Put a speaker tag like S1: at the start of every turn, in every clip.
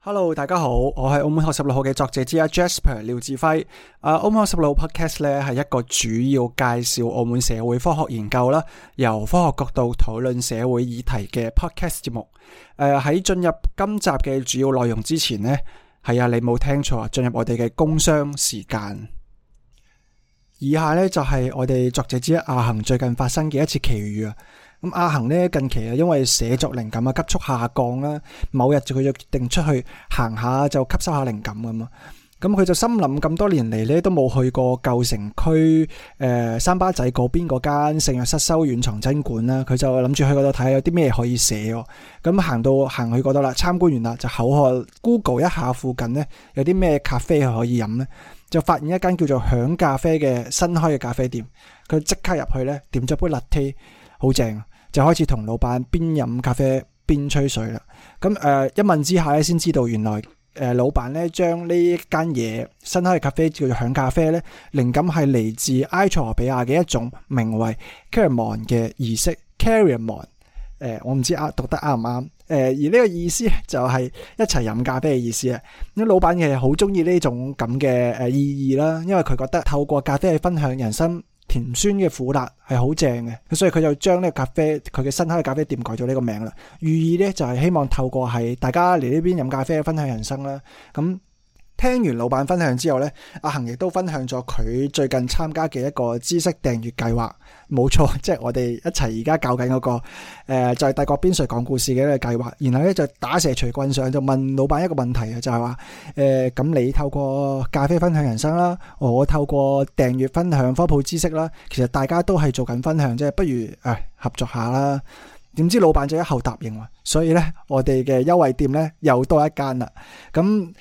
S1: Hello，大家好，我係澳門學十六號嘅作者之一 Jasper 廖志輝。啊、uh，澳門學十六 Podcast 咧係一個主要介紹澳門社會科學研究啦，由科學角度討論社會議題嘅 Podcast 節目。誒，喺進入今集嘅主要內容之前呢，係啊，你冇聽錯，進入我哋嘅工商時間。以下呢就係、是、我哋作者之一阿恒最近發生嘅一次奇遇啊！咁阿恒咧，近期啊，因為寫作靈感啊，急速下降啦。某日就佢就決定出去行下，就吸收下靈感咁啊。咁佢就心諗咁多年嚟咧，都冇去過舊城區誒、呃、三巴仔嗰邊嗰間聖若瑟修院藏真館啦。佢就諗住去嗰度睇下有啲咩可以寫。咁行到行去嗰度啦，參觀完啦，就口渴，Google 一下附近咧有啲咩咖啡係可以飲咧，就發現一間叫做享咖啡嘅新開嘅咖啡店。佢即刻入去咧，點咗杯 latte 好正，就開始同老闆邊飲咖啡邊吹水啦。咁誒、呃，一問之下咧，先知道原來誒、呃，老闆咧將呢間嘢新開嘅咖啡叫做享咖啡咧，靈感係嚟自埃塞俄比亞嘅一種名為 Kariomon 嘅儀式。Kariomon，誒、呃，我唔知啊，讀得啱唔啱？誒、呃，而呢個意思就係一齊飲咖啡嘅意思啊。咁老闆其實好中意呢種咁嘅誒意義啦，因為佢覺得透過咖啡去分享人生。甜酸嘅苦辣係好正嘅，所以佢就將呢個咖啡佢嘅新開嘅咖啡店改咗呢個名啦，寓意咧就係、是、希望透過係大家嚟呢邊飲咖啡分享人生啦，咁、嗯。聽完老闆分享之後咧，阿恆亦都分享咗佢最近參加嘅一個知識訂閱計劃。冇錯，即係我哋一齊而家搞緊嗰個誒、呃，就係、是、帝國邊陲講故事嘅一個計劃。然後咧就打蛇隨棍上，就問老闆一個問題啊，就係話誒、咁、呃、你透過咖啡分享人生啦，我透過訂閱分享科普知識啦，其實大家都係做緊分享，即係不如誒、哎、合作下啦。點知老闆就一口答應，所以咧我哋嘅優惠店咧又多一間啦。咁。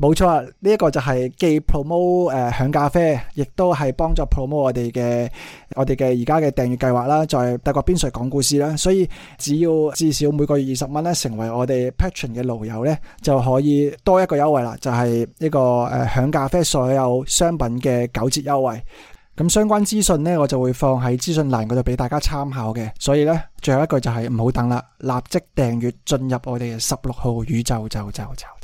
S1: 冇錯啊！呢、這、一個就係既 promote 誒、呃、享咖啡，亦都係幫助 promote 我哋嘅我哋嘅而家嘅訂閱計劃啦，在、就是、德國邊陲講故事啦。所以只要至少每個月二十蚊咧，成為我哋 Patreon 嘅爐友咧，就可以多一個優惠啦，就係、是、呢、這個誒、呃、享咖啡所有商品嘅九折優惠。咁相關資訊咧，我就會放喺資訊欄嗰度俾大家參考嘅。所以咧，最後一個就係唔好等啦，立即訂閱，進入我哋嘅十六號宇宙就就就，就。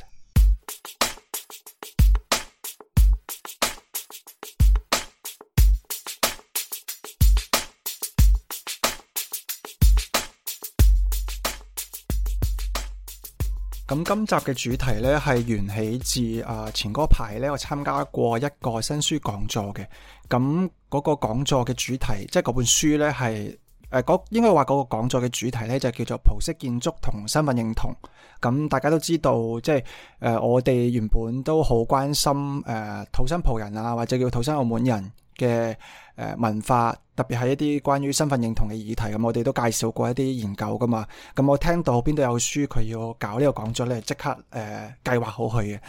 S1: 咁今集嘅主題呢，係緣起自啊、呃、前嗰排呢，我參加過一個新書講座嘅，咁嗰個講座嘅主題即係嗰本書呢，係誒、呃、應該話嗰個講座嘅主題呢，就叫做葡式建築同身份認同。咁大家都知道即係誒我哋原本都好關心誒、呃、土生葡人啊或者叫土生澳門人，嘅誒文化，特別係一啲關於身份認同嘅議題咁，我哋都介紹過一啲研究㗎嘛。咁我聽到邊度有書佢要搞呢個講座咧，即刻誒、呃、計劃好去嘅。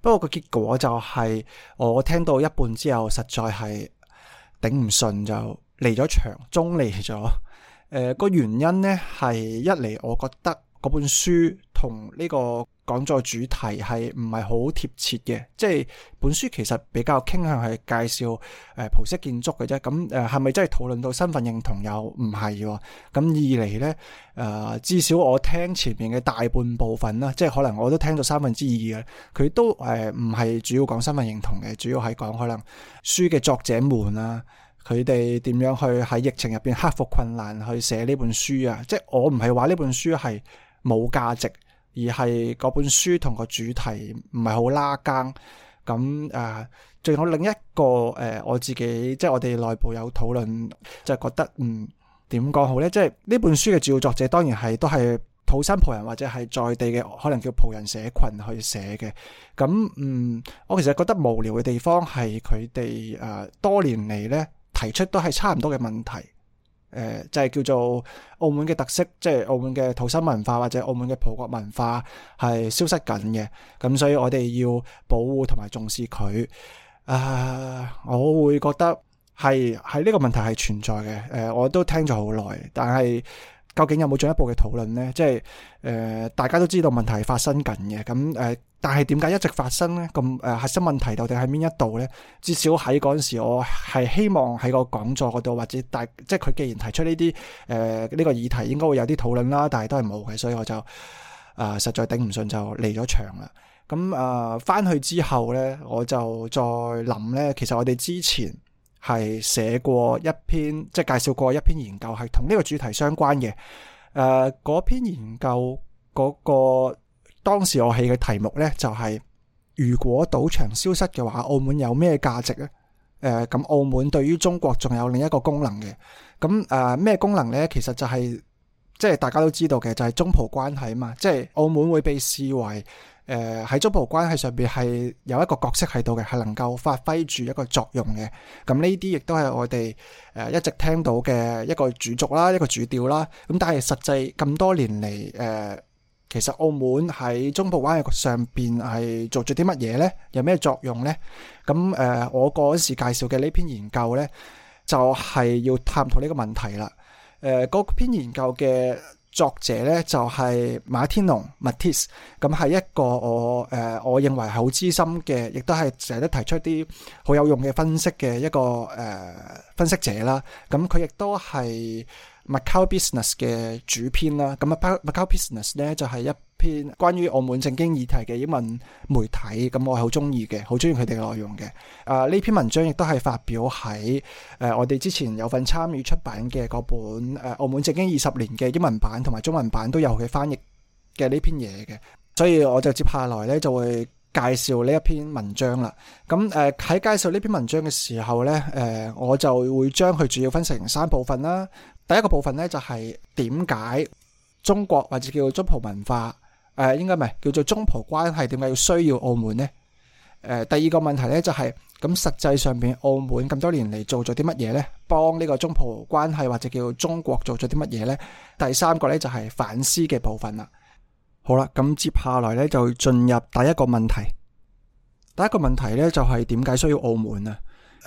S1: 不過個結果就係、是、我聽到一半之後，實在係頂唔順就離咗場，中離咗。誒、呃、個原因呢係一嚟，我覺得嗰本書同呢、這個。講咗個主題係唔係好貼切嘅，即係本書其實比較傾向係介紹誒葡式建築嘅啫。咁誒係咪真係討論到身份認同又唔係？啊？咁、嗯、二嚟咧誒，至少我聽前面嘅大半部分啦，即係可能我都聽咗三分之二嘅，佢都誒唔係主要講身份認同嘅，主要係講可能書嘅作者們啊，佢哋點樣去喺疫情入邊克服困難去寫呢本書啊。即係我唔係話呢本書係冇價值。而係嗰本書同個主題唔係好拉更咁誒，仲有另一個誒，我自己即係我哋內部有討論，就覺得嗯點講好咧？即係呢本書嘅主要作者當然係都係土生葡人或者係在地嘅，可能叫葡人社群去寫嘅。咁嗯，我其實覺得無聊嘅地方係佢哋誒多年嚟咧提出都係差唔多嘅問題。誒、呃，就係、是、叫做澳門嘅特色，即、就、係、是、澳門嘅土生文化或者澳門嘅葡國文化係消失緊嘅，咁所以我哋要保護同埋重視佢。啊、呃，我會覺得係喺呢個問題係存在嘅。誒、呃，我都聽咗好耐，但係究竟有冇進一步嘅討論呢？即係誒，大家都知道問題係發生緊嘅，咁、呃、誒。但係點解一直發生咧？咁、啊、誒，核心問題到底喺邊一度咧？至少喺嗰陣時，我係希望喺個講座嗰度或者大，即係佢既然提出呢啲誒呢個議題，應該會有啲討論啦。但係都係冇嘅，所以我就誒、呃、實在頂唔順就離咗場啦。咁誒翻去之後咧，我就再諗咧。其實我哋之前係寫過一篇，即係介紹過一篇研究，係同呢個主題相關嘅。誒、呃，嗰篇研究嗰、嗰個。當時我起嘅題目呢，就係、是、如果賭場消失嘅話，澳門有咩價值呢？誒、呃，咁澳門對於中國仲有另一個功能嘅。咁、嗯、誒、咩、呃、功能呢？其實就係、是、即係大家都知道嘅，就係、是、中葡關係啊嘛。即係澳門會被視為誒喺、呃、中葡關係上邊係有一個角色喺度嘅，係能夠發揮住一個作用嘅。咁呢啲亦都係我哋誒、呃、一直聽到嘅一個主軸啦，一個主調啦。咁但係實際咁多年嚟誒。呃其實澳門喺中葡關係上面係做咗啲乜嘢呢？有咩作用呢？咁誒，我嗰時介紹嘅呢篇研究呢，就係、是、要探討呢個問題啦。誒、呃，嗰篇研究嘅作者呢，就係馬天龍 Matis，咁係一個我誒、呃，我認為好資深嘅，亦都係成日都提出啲好有用嘅分析嘅一個誒、呃、分析者啦。咁佢亦都係。Macau Business 嘅主編啦，咁啊 Macau Business 咧，就係、是、一篇關於澳門政經議題嘅英文媒體，咁我係好中意嘅，好中意佢哋嘅內容嘅。啊、呃，呢篇文章亦都係發表喺誒、呃、我哋之前有份參與出版嘅嗰本誒、呃、澳門政經二十年嘅英文版同埋中文版都有佢嘅翻譯嘅呢篇嘢嘅，所以我就接下來咧就會介紹呢一篇文章啦。咁誒喺介紹呢篇文章嘅時候咧，誒、呃、我就會將佢主要分成三部分啦。第一個部分咧就係點解中國或者叫中葡文化誒、呃，應該唔係叫做中葡關係，點解要需要澳門呢？誒、呃，第二個問題咧就係、是、咁實際上邊澳門咁多年嚟做咗啲乜嘢咧？幫呢個中葡關係或者叫中國做咗啲乜嘢咧？第三個咧就係反思嘅部分啦。好啦，咁接下來咧就進入第一個問題。第一個問題咧就係點解需要澳門啊？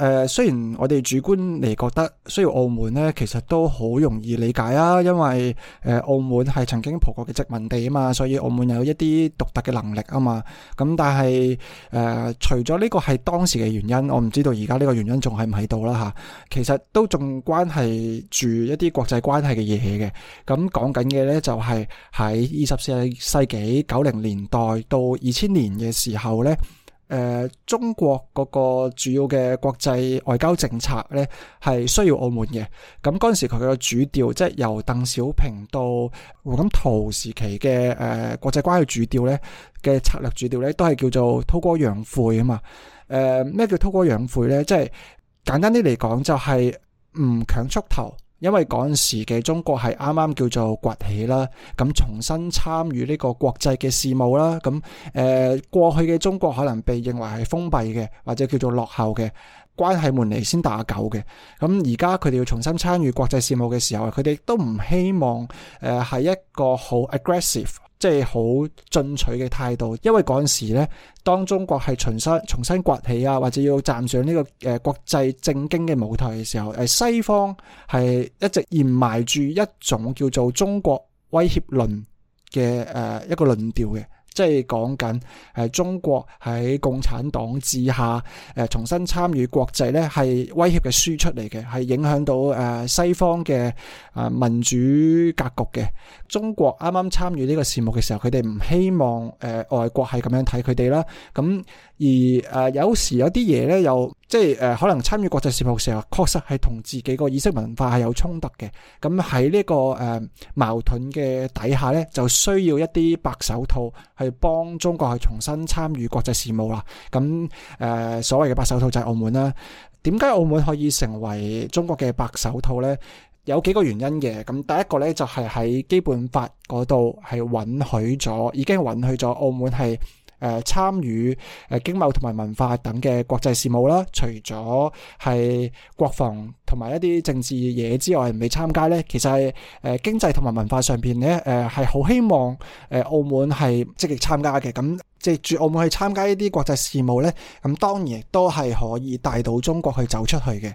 S1: 誒、呃，雖然我哋主觀嚟，覺得需要澳門呢其實都好容易理解啊，因為誒、呃、澳門係曾經葡國嘅殖民地啊嘛，所以澳門有一啲獨特嘅能力啊嘛，咁但係誒、呃、除咗呢個係當時嘅原因，我唔知道而家呢個原因仲喺唔喺度啦吓，其實都仲關係住一啲國際關係嘅嘢嘅，咁講緊嘅呢，就係喺二十四世紀九零年代到二千年嘅時候呢。誒、呃，中國嗰個主要嘅國際外交政策咧，係需要澳門嘅。咁嗰陣時佢嘅主調，即係由鄧小平到胡錦濤時期嘅誒、呃，國際關係主調咧嘅策略主調咧，都係叫做韜光養晦啊嘛。誒、呃，咩叫韜光養晦咧？即係簡單啲嚟講，就係唔強出頭。因為嗰陣時嘅中國係啱啱叫做崛起啦，咁重新參與呢個國際嘅事務啦，咁誒、呃、過去嘅中國可能被認為係封閉嘅，或者叫做落後嘅，關起門嚟先打狗嘅，咁而家佢哋要重新參與國際事務嘅時候，佢哋都唔希望誒係、呃、一個好 aggressive。即係好進取嘅態度，因為嗰陣時咧，當中國係重新重新崛起啊，或者要站上呢、這個誒、呃、國際政經嘅舞台嘅時候，西方係一直延埋住一種叫做中國威脅論嘅、呃、一個論調嘅。即係講緊，誒，中國喺共產黨治下，誒、呃，重新參與國際咧，係威脅嘅輸出嚟嘅，係影響到誒、呃、西方嘅啊、呃、民主格局嘅。中國啱啱參與呢個事務嘅時候，佢哋唔希望誒、呃、外國係咁樣睇佢哋啦。咁而誒、呃，有時有啲嘢咧又。即係誒、呃，可能參與國際事務嘅時候確實係同自己個意識文化係有衝突嘅。咁喺呢個誒矛盾嘅底下咧，就需要一啲白手套去幫中國去重新參與國際事務啦。咁誒、呃、所謂嘅白手套就係澳門啦、啊。點解澳門可以成為中國嘅白手套咧？有幾個原因嘅。咁第一個咧就係、是、喺基本法嗰度係允許咗，已經允許咗澳門係。誒參與誒經貿同埋文化等嘅國際事務啦，除咗係國防同埋一啲政治嘢之外，唔嚟參加呢。其實係誒經濟同埋文化上面咧，誒係好希望澳門係積極參加嘅。咁藉住澳門去參加一啲國際事務呢，咁當然亦都係可以帶到中國去走出去嘅。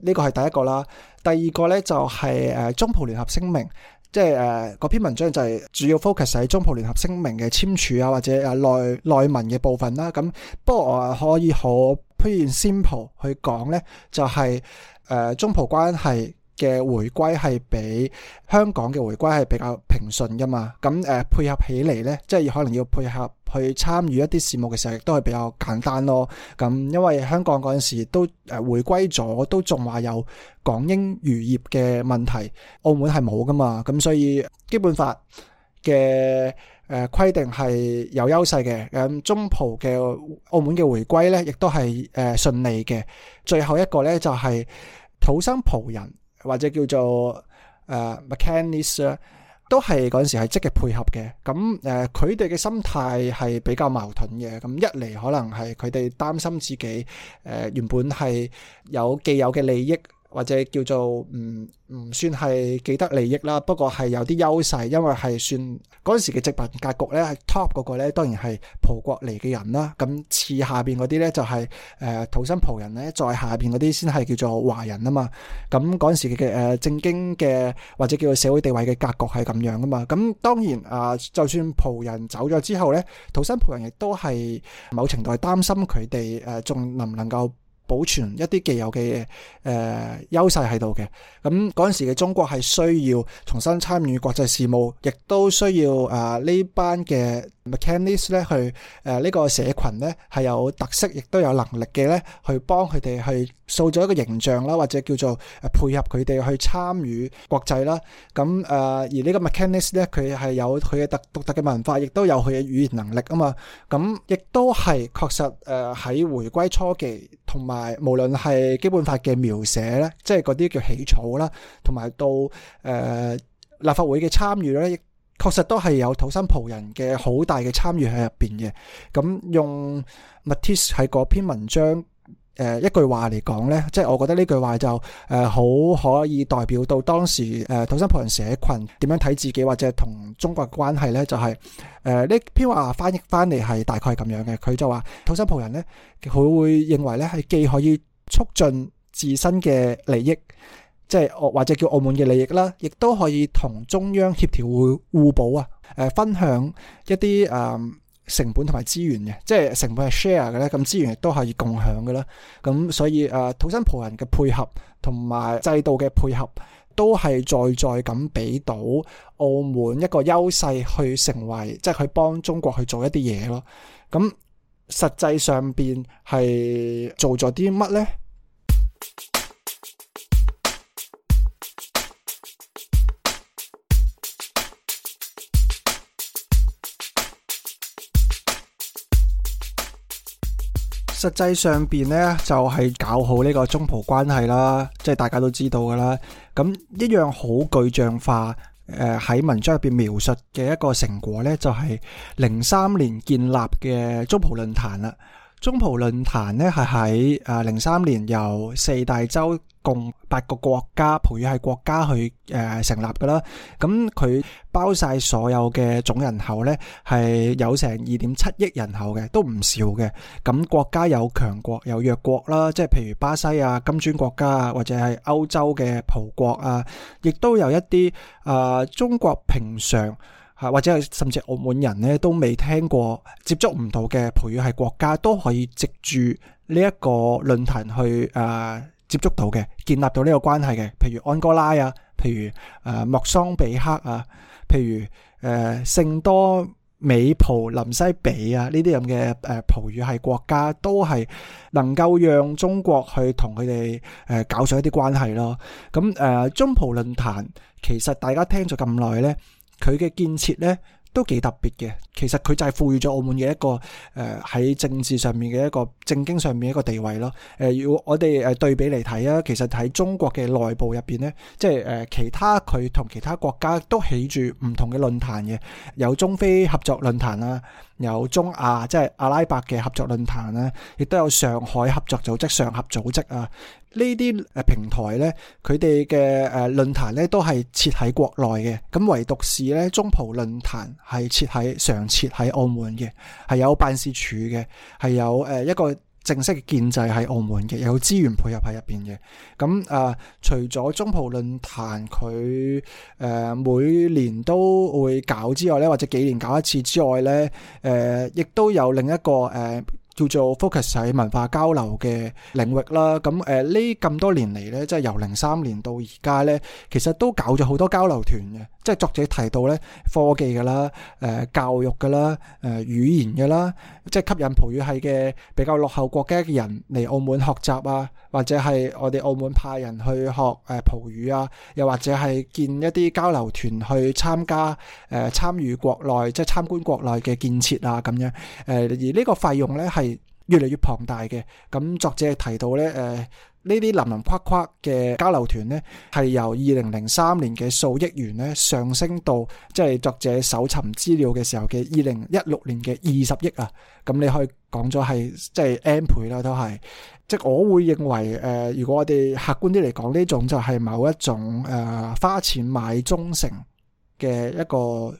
S1: 呢個係第一個啦，第二個呢，就係誒中葡聯合聲明。即係誒嗰篇文章就係主要 focus 喺中葡聯合聲明嘅簽署啊，或者誒內內文嘅部分啦。咁不過我可以好，plain simple 去講咧，就係、是、誒、呃、中葡關係，嘅回歸係比香港嘅回歸係比較平順噶嘛？咁、呃、配合起嚟呢，即係可能要配合去參與一啲事務嘅時候，亦都係比較簡單咯。咁因為香港嗰陣時都回歸咗，都仲話有港英餘孽嘅問題，澳門係冇噶嘛？咁所以基本法嘅誒、呃、規定係有優勢嘅。咁中葡嘅澳門嘅回歸呢，亦都係誒順利嘅。最後一個呢，就係土生葡人。或者叫做誒 Macanese 咧，都係嗰陣時係積極配合嘅。咁誒，佢哋嘅心態係比較矛盾嘅。咁一嚟可能係佢哋擔心自己誒原本係有既有嘅利益。或者叫做唔唔算係既得利益啦，不過係有啲優勢，因為係算嗰陣時嘅殖民格局咧，係 top 嗰個咧當然係葡國嚟嘅人啦。咁次下邊嗰啲咧就係、是、誒、呃、土生葡人咧，在下邊嗰啲先係叫做華人啊嘛。咁嗰陣時嘅誒正經嘅或者叫做社會地位嘅格局係咁樣噶嘛。咁當然啊，就算葡人走咗之後咧，土生葡人亦都係某程度係擔心佢哋誒仲能唔能夠？保存一啲既有嘅誒優勢喺度嘅，咁嗰陣時嘅中國係需要重新參與國際事務，亦都需要誒呢班嘅 Macanese 咧去誒呢個社群咧係有特色，亦都有能力嘅咧，去幫佢哋去塑造一個形象啦，或者叫做誒配合佢哋去參與國際啦。咁誒而這個呢個 Macanese 咧，佢係有佢嘅特獨特嘅文化，亦都有佢嘅語言能力啊嘛。咁亦都係確實誒喺回歸初期同埋，無論係基本法嘅描寫咧，即係嗰啲叫起草啦，同埋到誒、呃、立法會嘅參與咧，亦確實都係有土生葡人嘅好大嘅參與喺入邊嘅。咁用 Matis 喺嗰篇文章。誒、呃，一句話嚟講呢，即係我覺得呢句話就誒好、呃、可以代表到當時誒、呃、土生葡人社群點樣睇自己或者同中國關係呢，就係誒呢篇話翻譯翻嚟係大概咁樣嘅。佢就話土生葡人呢，佢會認為呢係既可以促進自身嘅利益，即係或者叫澳門嘅利益啦，亦都可以同中央協調互互補啊，誒、呃、分享一啲誒。呃成本同埋資源嘅，即係成本係 share 嘅咧，咁資源亦都可以共享嘅啦。咁所以誒，土生葡人嘅配合同埋制度嘅配合，都係再再咁俾到澳門一個優勢去成為，即係去幫中國去做一啲嘢咯。咁實際上邊係做咗啲乜咧？實際上邊咧，就係搞好呢個中葡關係啦，即係大家都知道㗎啦。咁一樣好具象化，誒喺文章入面描述嘅一個成果咧，就係零三年建立嘅中葡論壇啦。中葡論壇咧係喺啊零三年由四大洲共八個國家，葡語系國家去誒成立噶啦。咁佢包晒所有嘅總人口咧，係有成二點七億人口嘅，都唔少嘅。咁國家有強國有弱國啦，即係譬如巴西啊、金磚國家啊，或者係歐洲嘅葡國啊，亦都有一啲啊中國平常。或者甚至澳門人咧都未聽過、接觸唔到嘅葡語系國家，都可以藉住呢一個論壇去誒接觸到嘅、建立到呢個關係嘅，譬如安哥拉啊，譬如誒莫桑比克啊，譬如誒聖多美普林西比啊，呢啲咁嘅誒葡語系國家都係能夠讓中國去同佢哋誒搞上一啲關係咯。咁誒中葡論壇其實大家聽咗咁耐咧。佢嘅建設咧都幾特別嘅，其實佢就係賦予咗澳門嘅一個誒喺、呃、政治上面嘅一個政經上面一個地位咯。誒、呃，要我哋誒對比嚟睇啊，其實喺中國嘅內部入邊咧，即係誒、呃、其他佢同其他國家都起住唔同嘅論壇嘅，有中非合作論壇啊，有中亞即係、就是、阿拉伯嘅合作論壇啊，亦都有上海合作組織、上合組織啊。呢啲誒平台咧，佢哋嘅誒論壇咧都係設喺國內嘅，咁唯獨是咧中葡論壇係設喺常設喺澳門嘅，係有辦事處嘅，係有誒一個正式嘅建制喺澳門嘅，有資源配合喺入邊嘅。咁、嗯啊、除咗中葡論壇佢、呃、每年都會搞之外咧，或者幾年搞一次之外咧，亦、呃、都有另一個、呃叫做 focus 喺文化交流嘅領域啦，咁誒呢咁多年嚟呢，即係由零三年到而家呢，其實都搞咗好多交流團嘅。即係作者提到咧，科技，噶啦，誒、呃、教育噶啦，誒、呃、語言噶啦，即係吸引葡語系嘅比較落後國家嘅人嚟澳門學習啊，或者係我哋澳門派人去學誒葡語啊，又或者係建一啲交流團去參加誒參與國內即係參觀國內嘅建設啊咁樣，誒、呃、而這個費呢個費用咧係是越嚟越龐大嘅，咁作者提到咧，誒呢啲林林框框嘅交流團咧，係由二零零三年嘅數億元咧上升到，即係作者搜尋資料嘅時候嘅二零一六年嘅二十億啊，咁你可以講咗係即係 n 倍啦，都係，即係我會認為，誒，如果我哋客觀啲嚟講，呢種就係某一種誒花錢買忠誠嘅一個。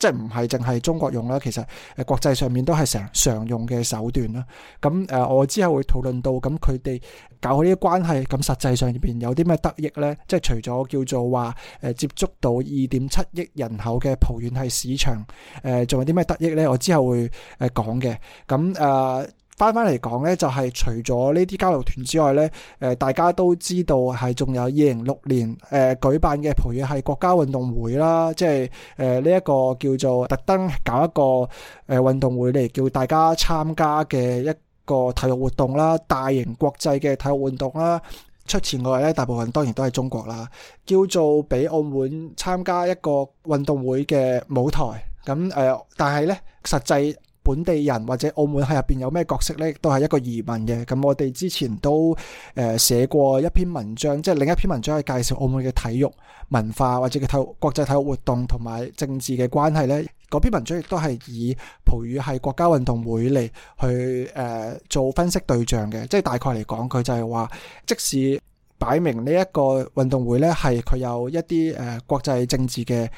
S1: 即係唔係淨係中國用啦，其實誒國際上面都係成常用嘅手段啦。咁誒、呃，我之後會討論到，咁佢哋搞好呢啲關係，咁實際上邊有啲咩得益咧？即係除咗叫做話誒、呃、接觸到二點七億人口嘅葡語系市場，誒、呃、仲有啲咩得益咧？我之後會誒講嘅。咁、呃、誒。翻翻嚟講咧，就係、是、除咗呢啲交流團之外咧、呃，大家都知道係仲有二零六年誒、呃、舉辦嘅葡語系國家運動會啦，即係呢一個叫做特登搞一個誒運、呃、動會嚟叫大家參加嘅一個體育活動啦，大型國際嘅體育活動啦，出錢嘅咧大部分當然都係中國啦，叫做俾澳門參加一個運動會嘅舞台咁、嗯呃、但係咧實際。本地人或者澳門喺入面有咩角色呢？都係一個疑問嘅。咁我哋之前都誒寫、呃、過一篇文章，即係另一篇文章係介紹澳門嘅體育文化或者嘅體國際體育活動同埋政治嘅關係呢。嗰篇文章亦都係以葡語係國家運動會嚟去誒、呃、做分析對象嘅，即係大概嚟講，佢就係話，即使擺明呢一個運動會呢係佢有一啲誒、呃、國際政治嘅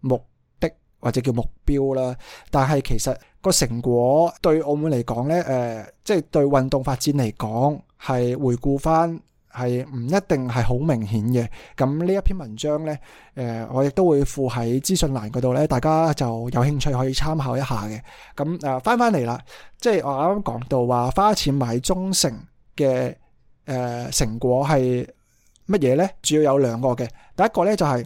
S1: 目的或者叫目標啦，但係其實。個成果對澳門嚟講咧，誒、呃，即係對運動發展嚟講，係回顧翻係唔一定係好明顯嘅。咁呢一篇文章咧，誒、呃，我亦都會附喺資訊欄嗰度咧，大家就有興趣可以參考一下嘅。咁返翻翻嚟啦，即係我啱啱講到話，花錢買忠誠嘅誒成果係乜嘢咧？主要有兩個嘅，第一個咧就係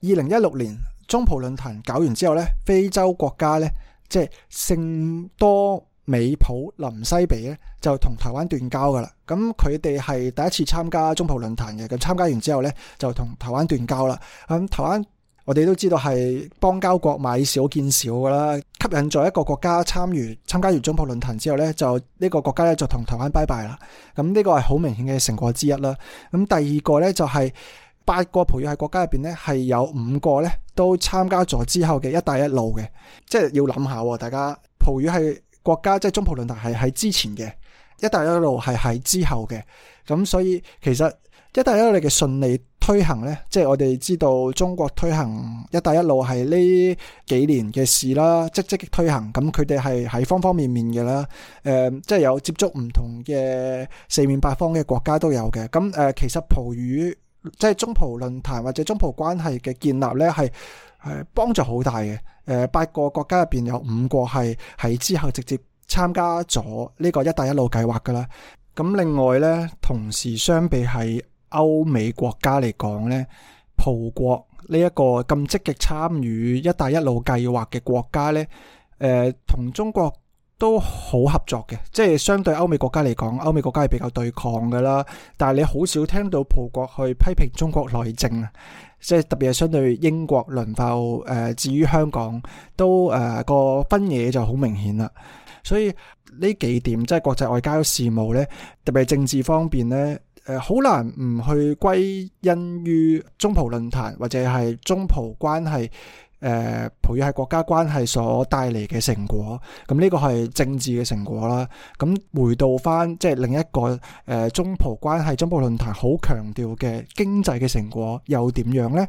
S1: 二零一六年中葡論壇搞完之後咧，非洲國家咧。即係聖多美普林西比咧，就同台灣斷交噶啦。咁佢哋係第一次參加中葡論壇嘅，咁參加完之後咧，就同台灣斷交啦。咁台灣我哋都知道係邦交國，買少見少噶啦。吸引咗一個國家參與。參加完中葡論壇之後咧，就呢個國家咧就同台灣拜拜啦。咁呢個係好明顯嘅成果之一啦。咁第二個咧就係。八個葡語喺國家入邊咧，係有五個咧都參加咗之後嘅一帶一路嘅，即係要諗下喎。大家葡語系國家即係、就是、中葡論壇係喺之前嘅，一帶一路係喺之後嘅。咁所以其實一帶一路嘅順利推行咧，即、就、係、是、我哋知道中國推行一帶一路係呢幾年嘅事啦，積即極即推行。咁佢哋係喺方方面面嘅啦，即、呃、係、就是、有接觸唔同嘅四面八方嘅國家都有嘅。咁、呃、其實葡語。即係中葡論壇或者中葡關係嘅建立咧，係係幫助好大嘅。誒，八個國家入邊有五個係喺之後直接參加咗呢個一帶一路計劃噶啦。咁另外咧，同時相比係歐美國家嚟講咧，葡國呢一個咁積極參與一帶一路計劃嘅國家咧，誒、呃，同中國。都好合作嘅，即係相對歐美國家嚟講，歐美國家係比較對抗噶啦。但係你好少聽到葡國去批評中國內政啊，即係特別係相對英國、輪後誒，至於香港都誒、呃、個分野就好明顯啦。所以呢幾點即係國際外交事務呢，特別係政治方面呢，誒、呃、好難唔去歸因於中葡論壇或者係中葡關係。誒，培養係國家關係所帶嚟嘅成果，咁呢個係政治嘅成果啦。咁回到返即係另一個誒中葡關係，中葡論壇好強調嘅經濟嘅成果又點樣呢？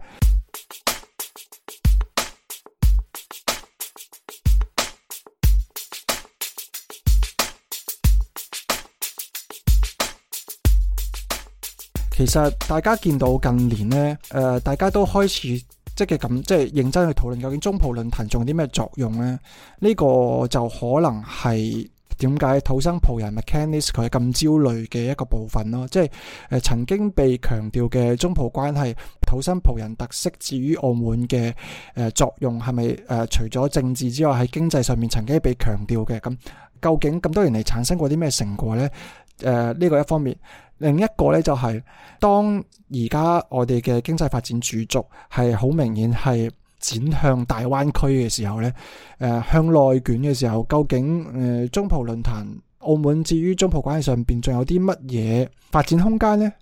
S1: 其實大家見到近年呢，誒大家都開始。即係咁，即係認真去討論究竟中葡論壇仲有啲咩作用咧？呢、呢個就可能係點解土生葡人 Macanese 佢咁焦慮嘅一個部分咯。即係、呃、曾經被強調嘅中葡關係、土生葡人特色，至於澳門嘅、呃、作用係咪、呃、除咗政治之外喺經濟上面曾經被強調嘅？咁究竟咁多年嚟產生過啲咩成果咧？誒、呃、呢、呢個一方面。另一個咧，就係當而家我哋嘅經濟發展主軸係好明顯係展向大灣區嘅時候咧，誒、呃、向內卷嘅時候，究竟誒、呃、中葡論壇澳門至於中葡關係上邊仲有啲乜嘢發展空間咧？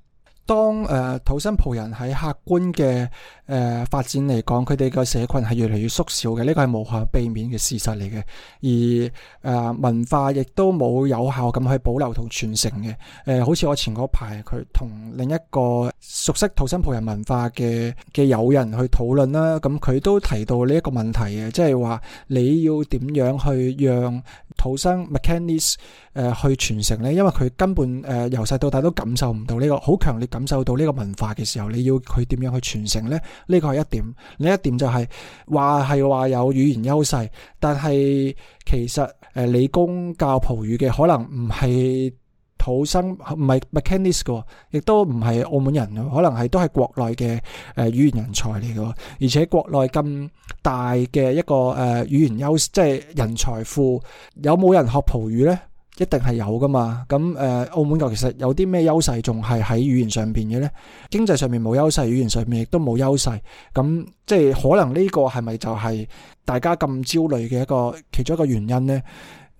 S1: 當誒土生葡人喺客觀嘅誒、呃、發展嚟講，佢哋個社群係越嚟越縮小嘅，呢、這個係無可避免嘅事實嚟嘅。而誒、呃、文化亦都冇有,有效咁去保留同傳承嘅。誒、呃，好似我前嗰排佢同另一個熟悉土生葡人文化嘅嘅友人去討論啦，咁、嗯、佢都提到呢一個問題嘅，即係話你要點樣去讓土生 Macanese 誒去傳承咧？因為佢根本誒由細到大都感受唔到呢個好強烈。感受到呢個文化嘅時候，你要佢點樣去傳承咧？呢個係一點。另一點就係話，係話有語言優勢，但係其實理工教葡語嘅可能唔係土生，唔係 Macanese 嘅，亦都唔係澳門人，可能係都係國內嘅語言人才嚟嘅。而且國內咁大嘅一個語言優勢，即係人才庫，有冇人學葡語咧？一定係有噶嘛？咁誒，澳門夠其實有啲咩優勢，仲係喺語言上面嘅呢？經濟上面冇優勢，語言上面亦都冇優勢。咁即係可能呢個係咪就係大家咁焦慮嘅一個其中一個原因呢？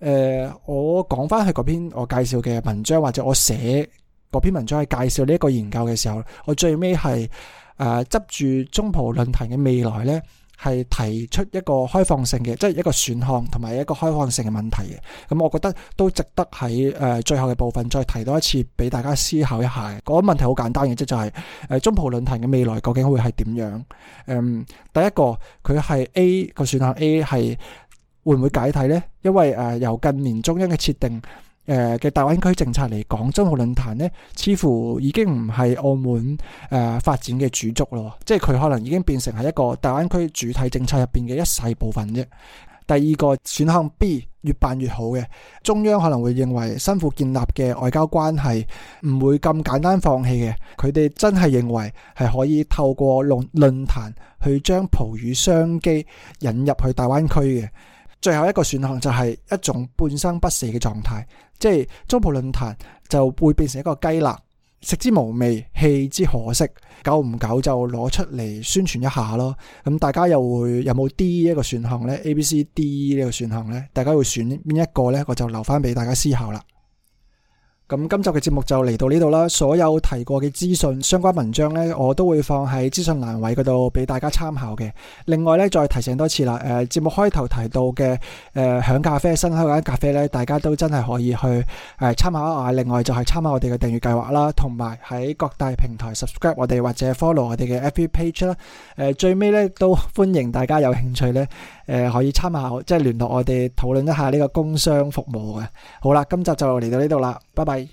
S1: 誒、呃，我講翻去嗰篇我介紹嘅文章，或者我寫嗰篇文章去介紹呢一個研究嘅時候，我最尾係誒執住中葡論壇嘅未來呢。係提出一個開放性嘅，即、就、係、是、一個選項同埋一個開放性嘅問題嘅。咁我覺得都值得喺誒、呃、最後嘅部分再提到一次，俾大家思考一下。嗰、那個問題好簡單嘅，即就係、是、誒、呃、中葡論壇嘅未來究竟會係點樣？誒、嗯，第一個佢係 A 個選項 A 係會唔會解體呢？因為誒、呃、由近年中央嘅設定，誒嘅，呃、大灣區政策嚟講，中葡論壇呢，似乎已經唔係澳門誒，呃、發展嘅主軸咯，即係佢可能已經變成係一個大灣區主題政策入面嘅一小部分啫。第二個選項 B，越辦越好嘅，中央可能會認為辛苦建立嘅外交關係唔會咁簡單放棄嘅，佢哋真係認為係可以透過論論壇去將葡語商機引入去大灣區嘅。最後一個選項就係一種半生不死嘅狀態，即係中葡論壇就會變成一個雞肋，食之無味，棄之可惜，久唔久就攞出嚟宣傳一下咯。咁大家又會有冇 D 呢一個選項呢 A、B、C、D、呢個選項呢？大家會選邊一個呢？我就留翻俾大家思考啦。咁今集嘅節目就嚟到呢度啦，所有提過嘅資訊相關文章咧，我都會放喺資訊欄位嗰度俾大家參考嘅。另外咧，再提醒多次啦，誒，節目開頭提到嘅誒享咖啡新開間咖啡咧，大家都真係可以去誒參考下。另外就係參考我哋嘅訂閱計劃啦，同埋喺各大平台 subscribe 我哋或者 follow 我哋嘅 FB page 啦。誒，最尾咧都歡迎大家有興趣咧。誒、呃、可以參考，即係聯絡我哋討論一下呢個工商服務嘅。好啦，今集就嚟到呢度啦，拜拜。